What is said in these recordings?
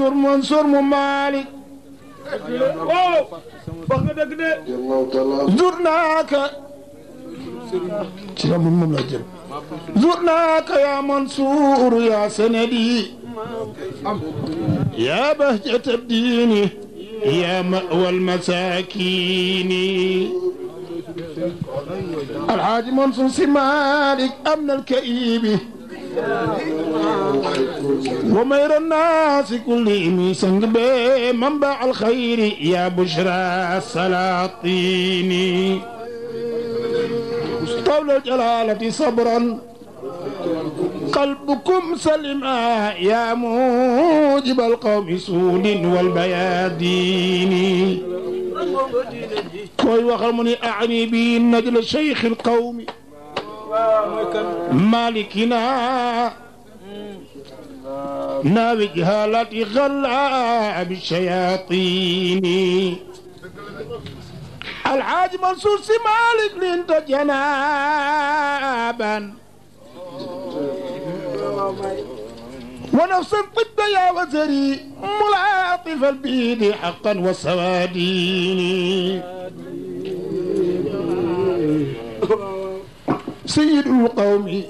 منصور منصور ممالك زرناك زرناك يا منصور يا سندي يا بهجة الدين يا مأوى المساكين الحاج منصور سمالك أمن الكئيب ومير الناس كلهم سنگ بے منبع الخير يا بشرى السلاطيني طول الجلالة صبرا قلبكم سلما آه، يا موجب القوم سود والبيادين كوي وخرمني أعني بي نجل شيخ القوم مالكنا ناوي جهالتي غلا بالشياطين الحاج منصور سمالك لنت جنابا ونفس الطب يا وزري ملاطف البيد حقا وسوادين سيد القوم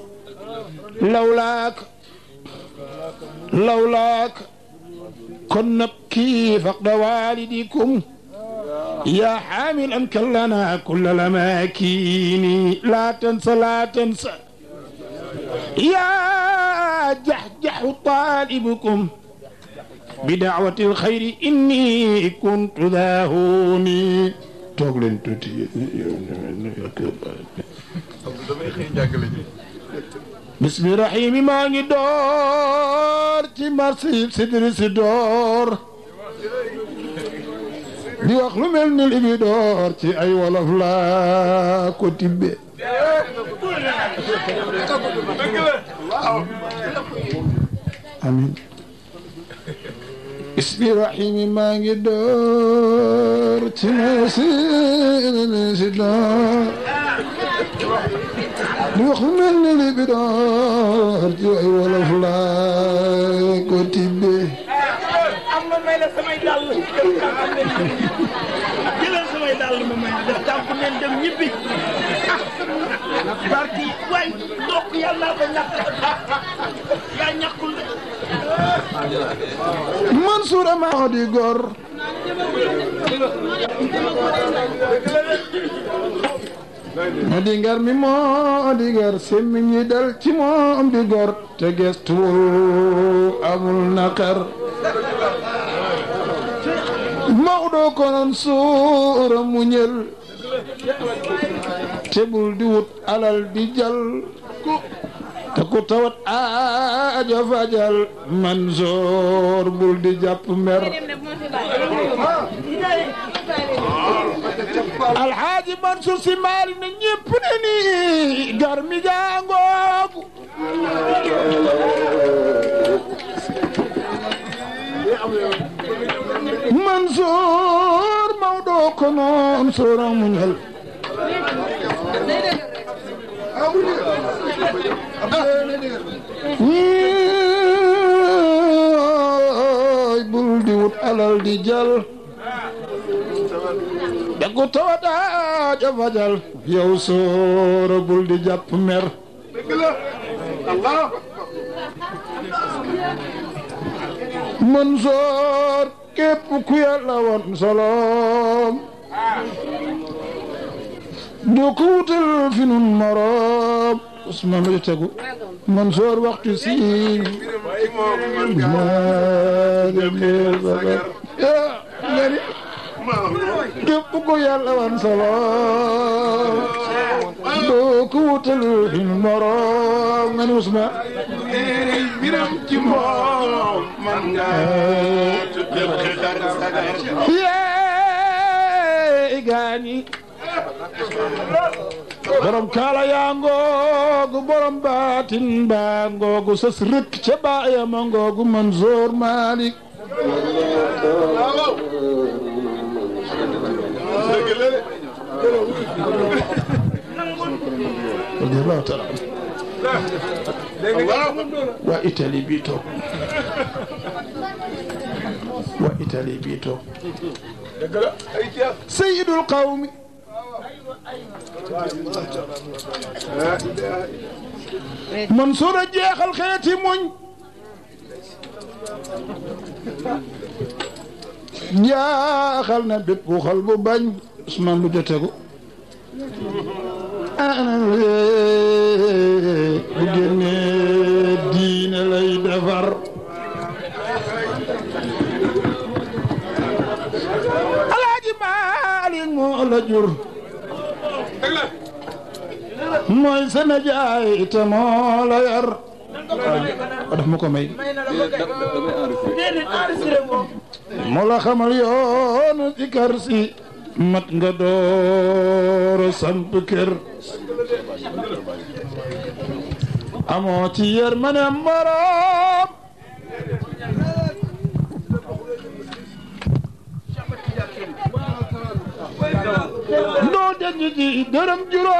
لولاك لولاك كن نبكي فقد والدكم يا حاملا لنا كل الأماكن لا تنسى لا تنسى يا جحجح طالبكم بدعوة الخير إني كنت ذا هوني توغلن توتي bismi rahimi maa ngi door ci marsi sidri si door wax lu mel ni bi door ci ay wolof laa ko tibbe amin bismi rahimi maa ngi door ci marsi sidri si محمل بدار جوعي ولا فلاك وتبي أما ما إلى سماي دال جل سماي دال ما ما إلى تامك من دم يبي بارتي واي دوك يلا بنك يا نقول Mansour Amady Gor. di nger mi moo di ger semmi ñi dal ci moom di gor te gestu amul naqar mawɗo konon suura muñel tebul di wut alal di jal te ku tawat aajo fajal man bul di mer alxaaji Mansour si maari na ñépp ne ni gar mi jangoogu Mansour Maodo ko noon soora muñal bul di wut alal di jal ku tawataajo fajal yow sooro bul di jàpp mer Mansoor képp ku yàlla woon soloom du ko wutal fi nun moroom usman la tegu Mansoor waxtu si maa képp ko yàlla wan solo doo ko wutal moroom nga ni usma leeral mbiram ci moom man nga yee gaani borom kaala yaa ngoogu borom baatin baa ngoogu sës rëkk ca baayama ngoogu Mansour Malick radiyallahu taala waa Italie bii toog waa Italie bii toog sayyidul qawmi Mansour a jeexal xeeti muñ jaaxal na bépp xol bu bañ Ousmane lu jotegu bu génnee diine lay defar alaaji Maalik moo la jur mooy sene jaay te moo yar daf ma ko may moo la xamal si kar mat nga door samp kër amo ci mané moroom do den ci deram juro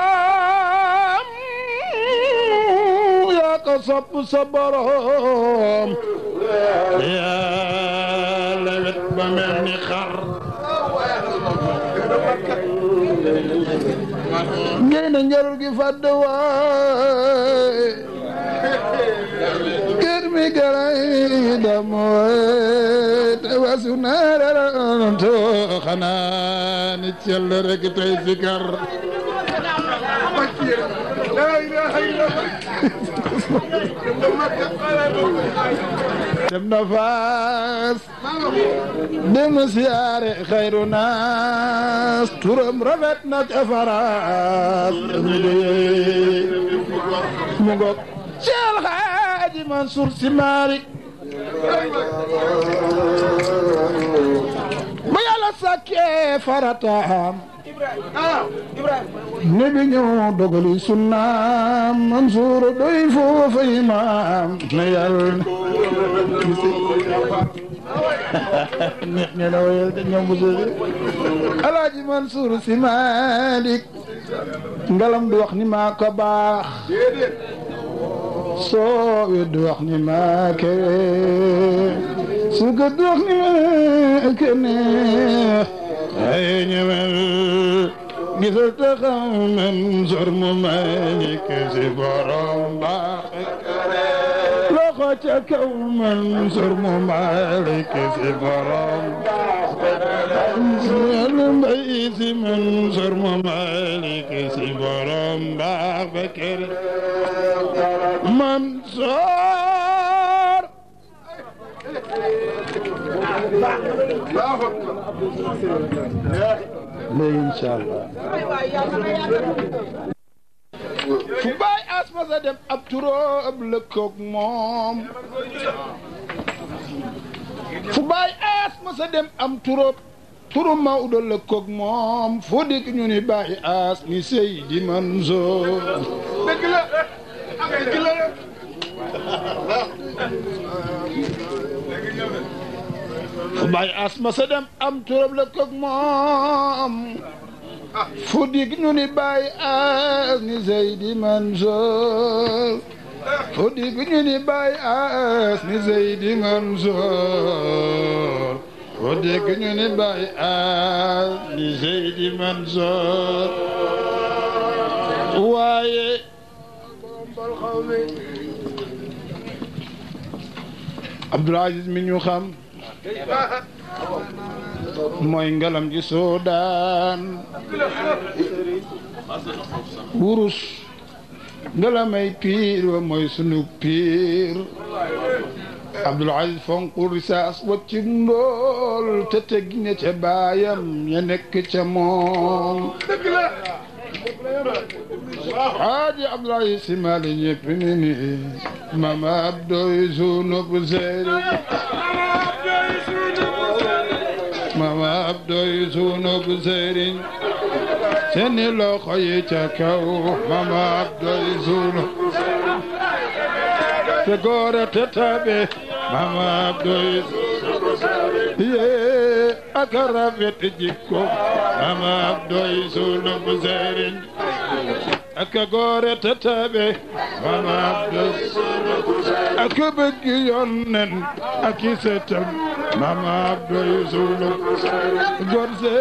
ya ko sopp sa ya lewet ba mel ngeen na njarul gi fàdd waay kër mi garay dam waay te wasu naararanto xanaa ni cell rek tey sikar la ilaha illallah نفاس فاس دم خير ناس ترم رفتنا تفراس مغوك شال حاجي منصور سماري ما يلا سكي فرطهم ne bi ñëw dogali sunnaam Mansuur doy foo fay maam na yàlla neex ne la woyal te ñoom bu sëri Mansuur si wax ni maa ko baax soo wax ni maa kewe su ko du wax ni maa kewe عين من نثرت قوما زرم ما كذب ربا لقد كوما زرم ما كذب ربا الميت من زرم ما كذب ربا فكر من صار léegi incha allah. fu baay asma sa dem ab turóob lëkkoog moom fu baay asma sa dem am turóob turu Maodo lëkkoog moom fu dikk ñu ni baay as ni Seydi Mansour dëgg la dëgg la bay asma sa dem am turam la koog fu dig nu ni bay as ni Seydi Mansour fu dig nu ni bay as ni Seydi Mansour fu dig nu ni bay Aziz mi ñu xam mooy ngalam ji soodaan wurus ngalamay piir wa mooy sunu piir Abdul Aziz fonku wa ci ndool te teg ca baayam ya nekk ca moom Haaji Abdul Aziz si maali ñëpp ni ni mama abdoy zunub zeeri ab doy sunub sëriñ ca kaw mama ab doy sunub te góor te tabe mama ab doy sunub yee ak rafet jikko mama ab doy sunub sëriñ ak góor te tabe mama ab doy sunub ak bëgg yonnen ak i setam Mama Abdou Yusuf Lo gorse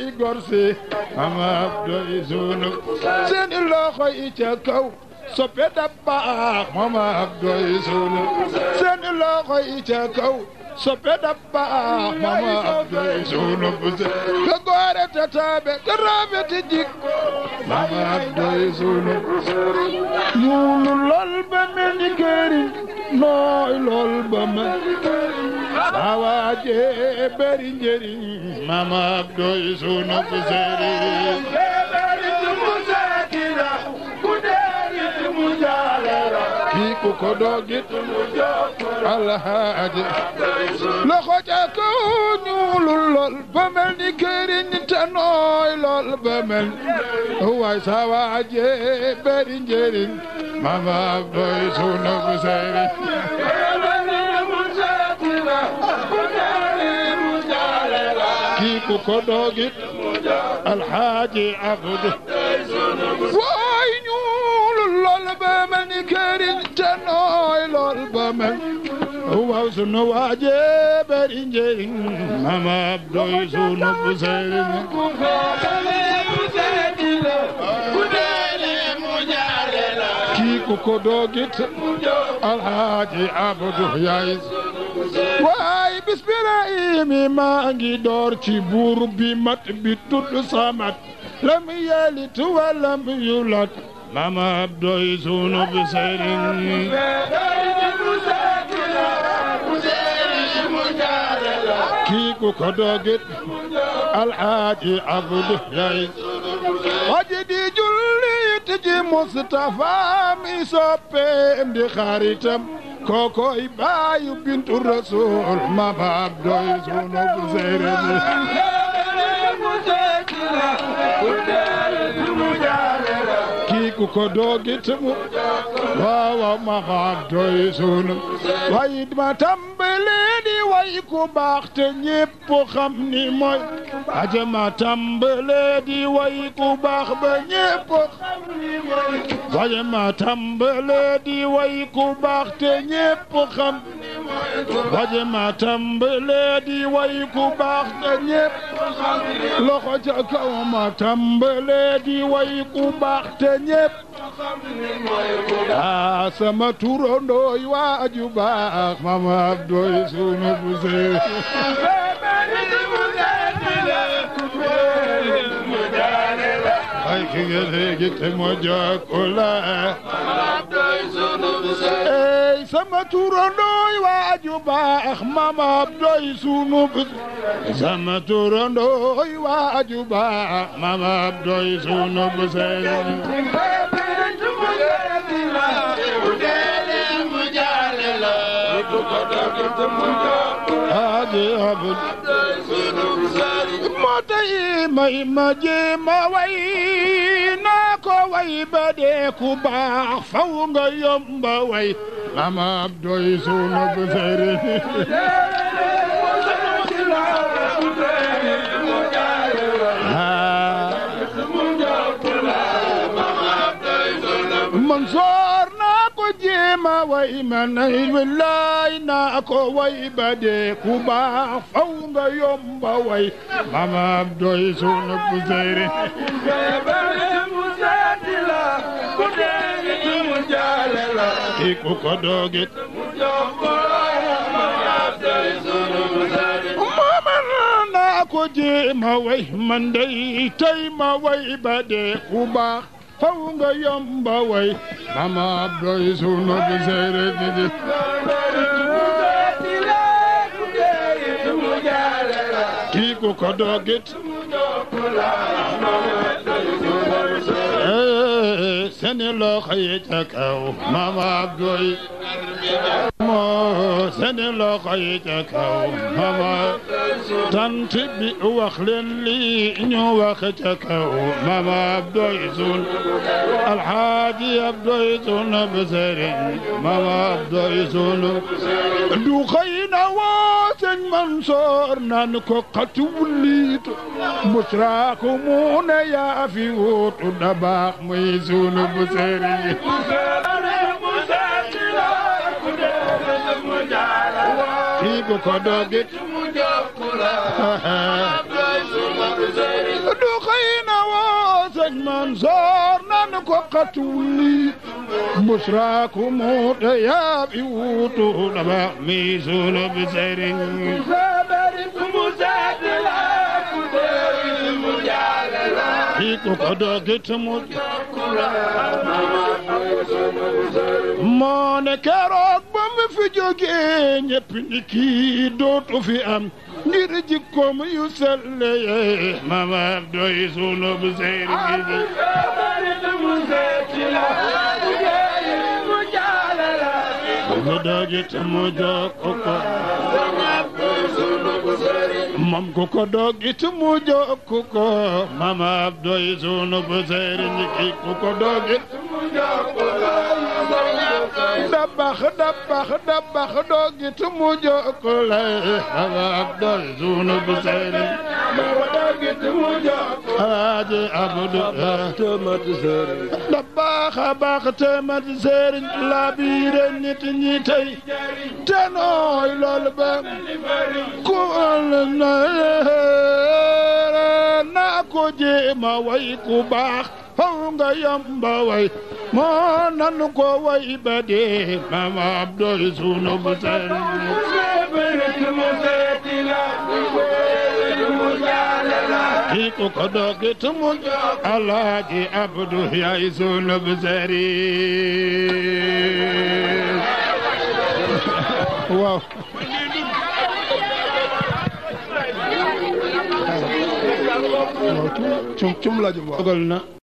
i gorse Mama Abdou Yusuf Lo seen i loxo yi ca kaw soppe da baax Mama Abdou Yusuf Lo seen i loxo yi ca kaw soppe dabba mama sunubuse ko gore tataɓe ko roɓete jik mama abdoy sunubuse yulu lolba meni keri noy lolba meni keri sawaje beri jeri mama abdoy sunubuseri ku ko doogit alhaaji loxo ca kaw ñuulul lool ba mel ni këriñ te nooy lool ba mel waay sa waaje bari njëriñ mama doy sunu bu sayri kii ku ko doogit alhaaji abdu ba mel ni këriñ te nooy lool ba mel waaw sunu waaje bari njëriñ mama abdoy sunu bu sëriñ ku xootale mu seeti la ku deele mu jaare la kii ku ko doogit alhaaji abdu yaay waay bismillaahi maa ngi door ci buur bi mat bi tudd samat lam yalit walam yulat Mama Abdoy Zuno Buserin. Kiku Kodogit Al Haji Abdu Yai. Wajidi Julli Tiji Mustafa mi soppeem koko xaritam kokoy baayu bintu Rasul Mama Abdoy Zuno Buserin. ku ko dogit mu waawa ma xaam doy sunu wayit ma tàmbalee di way ku baax te xam ni mooy aja ma tàmbalee di way ku baax ba xam waje ma tàmbalee di way ku baax te ñépp loxo ca kaw ma tàmbalee di way ku baax te ñépp ah waaju baax mama abdoy sunu bu ak gerte gi te moo jokkula ey sama turandooy waaju baax mama abdoy sunub sama turandooy waaju baax mama abdoy sunub Hadi Abdul Sunub may ma jéema way naa ko way ba dee ku baax faw nga yomba way lama ab doy suuna bu sëri Mansoor jéema way ma nay willaay naa ko way ba dee ku faw nga yomba way maam Abdoy sunu bu seyri ku dee mu jaale la ki ko doogit mu jokkooya maam Abdoy sunu bu seyri naa ko jéema way man day tey ma way ba dee ku baax faw nga yomba way mama abdoy sunu bi seere ni di kii ku ko doogit seni loxo yi ca kaw mama abdoy محسن لقيتك وماما تنتبي واخلن لي وقتك وماما بدويزون الحادي بدويزون بزرين ماما بدويزون دوخينا واسن منصور نانكو قتوليت مشراكمون يا في وطن ميزون بزرين ku ko dogit mu jox ku la du xëy na woo sëñ Mansoor nan ko xatuli busraaku mu te yaab i wutu daba mi suulu bi seyri ku ko dogit mu jox ku la moo ne keroog ma fi jógee ñëpp ni kii dootu fi am ngir jikkoom yu selle yee mamar doy sunu bu seyri mam ko ko dogit mu jokku ko mama abdoy sunu bu seyri ni kii ko ko dogit mu jokku ko دبخ دبخ دبخ دوغي تموجو كله هذا عبد الزون بسير دوغي تموجو هذا عبد تمت سير دبخ باخ تمت سير لا بير نيت نيتي تنوي لولبا كل نار ناكو جيما ويكو باخ faw yamba way moo nan ko way ba dee maam Abdoul sunu bu ko ko dogit mu alaaji abdu yaay sunu bu seri waaw waaw cum cum la jëm